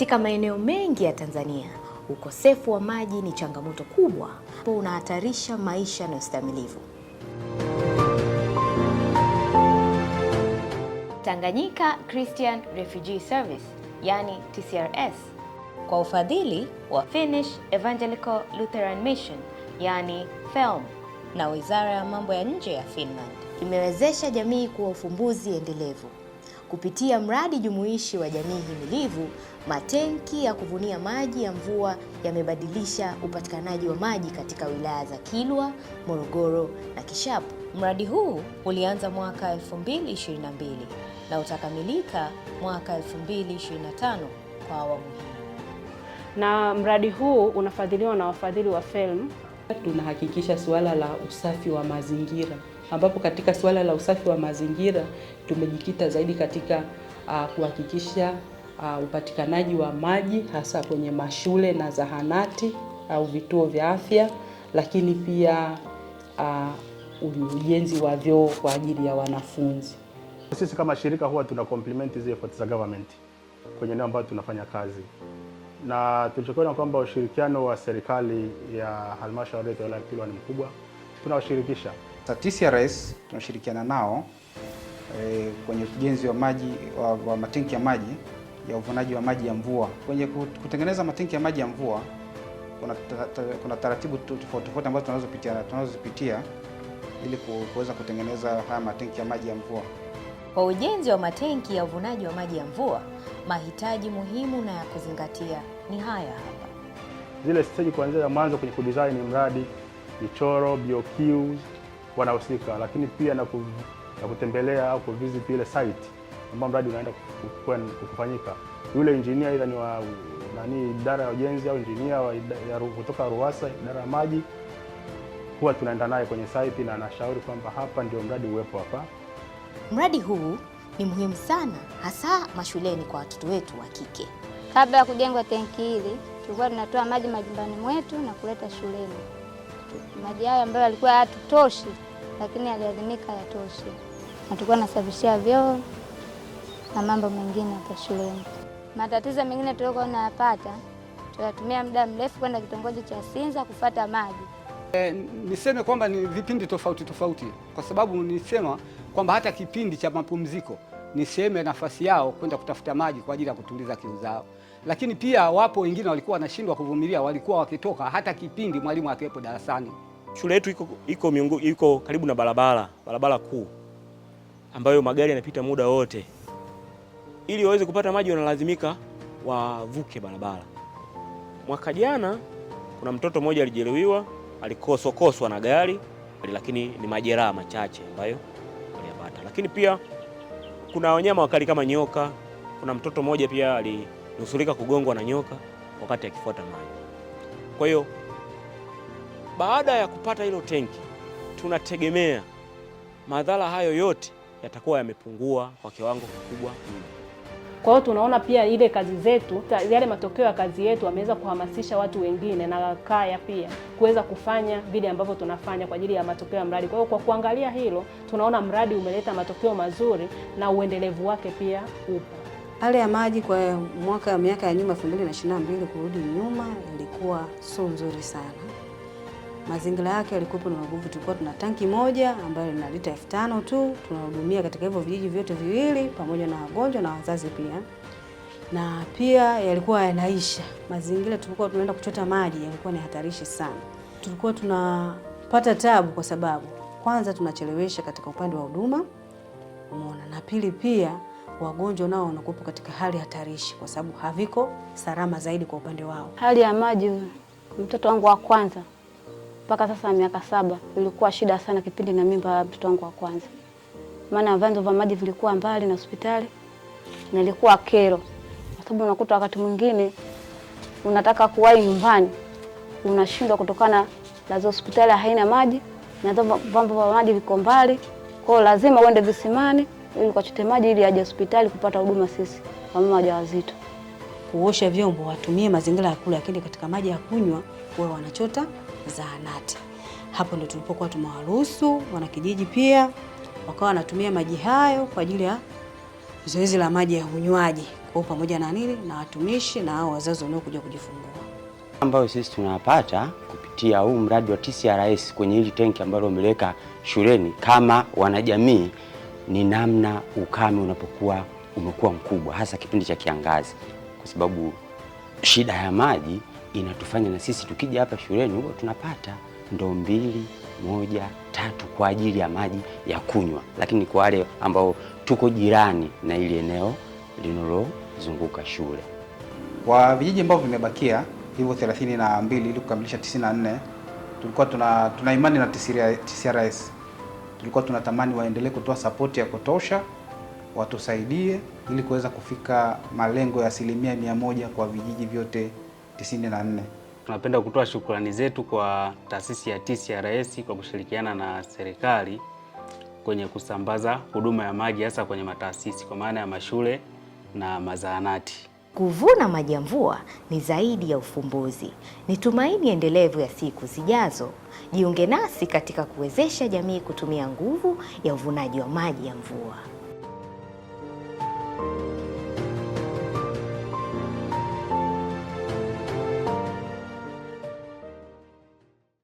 Katika maeneo mengi ya Tanzania, ukosefu wa maji ni changamoto kubwa ambao unahatarisha maisha na ustahimilivu. Tanganyika Christian Refugee Service, yani TCRS, kwa ufadhili wa Finnish Evangelical Lutheran Mission, yani FELM, na Wizara ya Mambo ya Nje ya Finland, imewezesha jamii kuwa ufumbuzi endelevu kupitia mradi jumuishi wa jamii himilivu, matenki ya kuvunia maji ya mvua yamebadilisha upatikanaji wa maji katika wilaya za Kilwa, Morogoro na Kishapu. Mradi huu ulianza mwaka 2022 na utakamilika mwaka 2025 kwa awamu hii. Na mradi huu unafadhiliwa na wafadhili wa FELM. Tunahakikisha suala la usafi wa mazingira ambapo katika suala la usafi wa mazingira tumejikita zaidi katika uh, kuhakikisha uh, upatikanaji wa maji hasa kwenye mashule na zahanati au uh, vituo vya afya, lakini pia uh, ujenzi wa vyoo kwa ajili ya wanafunzi. Sisi kama shirika huwa tuna compliment zile efforts za government kwenye eneo ambayo tunafanya kazi na tulichokiona kwamba ushirikiano wa serikali ya halmashauri ya Kilwa ni mkubwa, tunawashirikisha sasa TCRS tunashirikiana nao e, kwenye ujenzi wa maji wa, wa matenki ya maji ya uvunaji wa maji ya mvua. Kwenye kutengeneza matenki ya maji ya mvua kuna, ta, ta, kuna taratibu tofauti tofauti ambazo tunazopitia tunazozipitia ili kuweza kutengeneza haya matenki ya maji ya mvua. Kwa ujenzi wa matenki ya uvunaji wa maji ya mvua, mahitaji muhimu na ya kuzingatia ni haya hapa: zile stage kuanzia ya mwanzo kwenye kudesign mradi, michoro BOQs, wanahusika, lakini pia na, ku, na kutembelea au kuvisit ile site ambayo mradi unaenda kufanyika. Yule injinia aidha ni wa nani idara ya ujenzi au injinia kutoka RUWASA idara ya maji, huwa tunaenda naye kwenye site na anashauri kwamba hapa ndio mradi uwepo hapa. Mradi huu ni muhimu sana hasa mashuleni kwa watoto wetu wa kike. Kabla ya kujengwa tenki hili, tulikuwa tunatoa maji majumbani mwetu na kuleta shuleni. Maji hayo ambayo yalikuwa hayatutoshi lakini aliadhimika yatoshi, na tulikuwa nasafishia vyoo na mambo mengine hapa shuleni. Matatizo mengine tuliokuwa tunayapata, tunatumia muda mrefu kwenda kitongoji cha Sinza kufata maji. E, niseme kwamba ni vipindi tofauti tofauti, kwa sababu nisema kwamba hata kipindi cha mapumziko niseme nafasi yao kwenda kutafuta maji kwa ajili ya kutuliza kiu zao, lakini pia wapo wengine walikuwa wanashindwa kuvumilia, walikuwa wakitoka hata kipindi mwalimu akiwepo darasani. Shule yetu iko, iko, miungu, iko karibu na barabara barabara kuu ambayo magari yanapita muda wote. Ili waweze kupata maji wanalazimika wavuke barabara. Mwaka jana kuna mtoto mmoja alijeruhiwa, alikosokoswa na gari, lakini ni majeraha machache ambayo aliyapata. Lakini pia kuna wanyama wakali kama nyoka. Kuna mtoto mmoja pia alinusurika kugongwa na nyoka wakati akifuata maji. Kwa hiyo baada ya kupata hilo tenki, tunategemea madhara hayo yote yatakuwa yamepungua kwa kiwango kikubwa mno. Kwa hiyo tunaona pia ile kazi zetu, yale matokeo ya kazi yetu ameweza kuhamasisha watu wengine na kaya pia kuweza kufanya vile ambavyo tunafanya kwa ajili ya matokeo ya mradi. Kwa hiyo kwa kuangalia hilo, tunaona mradi umeleta matokeo mazuri na uendelevu wake pia upo. Hali ya maji kwa mwaka miaka ya nyuma 2022 kurudi nyuma ilikuwa sio nzuri sana mazingira yake yalikuwa ni magumu. Tulikuwa tuna tanki moja ambayo lina lita elfu tano tu, tunahudumia katika hivyo vijiji vyote viwili pamoja na wagonjwa na wazazi pia, na pia yalikuwa yanaisha. Mazingira tulikuwa tunaenda kuchota maji yalikuwa ni hatarishi sana, tulikuwa tunapata tabu kwa sababu kwanza tunachelewesha katika upande wa huduma, umeona, na pili pia wagonjwa nao wanakuwepo katika hali hatarishi kwa sababu haviko salama zaidi kwa upande wao. Hali ya maji, mtoto wangu wa kwanza mpaka sasa miaka saba. Ilikuwa shida sana kipindi na mimba ya mtoto wangu wa kwanza, maana vyanzo vya maji vilikuwa mbali na hospitali nilikuwa kero, kwa sababu unakuta wakati mwingine unataka kuwahi nyumbani unashindwa kutokana na hospitali haina maji na vyanzo vya maji viko mbali, kwa hiyo lazima uende visimani ili ukachote maji ili aje hospitali kupata huduma sisi wamama wajawazito. Kuosha vyombo watumie mazingira ya kula, lakini katika maji ya kunywa wao wanachota zahanati. Hapo ndo tulipokuwa tumewaruhusu wanakijiji pia wakawa wanatumia maji hayo kwa ajili ya zoezi la maji ya unywaji kwa pamoja na nini na watumishi na hao wazazi wanaokuja kujifungua, ambayo sisi tunapata kupitia huu mradi wa TCRS kwenye hili tenki ambalo wameliweka shuleni kama wanajamii, ni namna ukame unapokuwa umekuwa mkubwa, hasa kipindi cha kiangazi, kwa sababu shida ya maji inatufanya na sisi tukija hapa shuleni huko tunapata ndoo mbili moja tatu kwa ajili ya maji ya kunywa, lakini kwa wale ambao tuko jirani na ili eneo linalozunguka shule. Kwa vijiji ambavyo vimebakia hivyo 32 ili kukamilisha 94, tulikuwa tuna, tuna imani na TCRS, tulikuwa tunatamani waendelee kutoa sapoti ya kutosha, watusaidie ili kuweza kufika malengo ya asilimia mia moja kwa vijiji vyote. 94. Tunapenda kutoa shukrani zetu kwa taasisi ya TCRS kwa kushirikiana na serikali kwenye kusambaza huduma ya maji hasa kwenye mataasisi kwa maana ya mashule na mazahanati. Kuvuna maji ya mvua ni zaidi ya ufumbuzi, ni tumaini endelevu ya siku zijazo. Jiunge nasi katika kuwezesha jamii kutumia nguvu ya uvunaji wa maji ya mvua.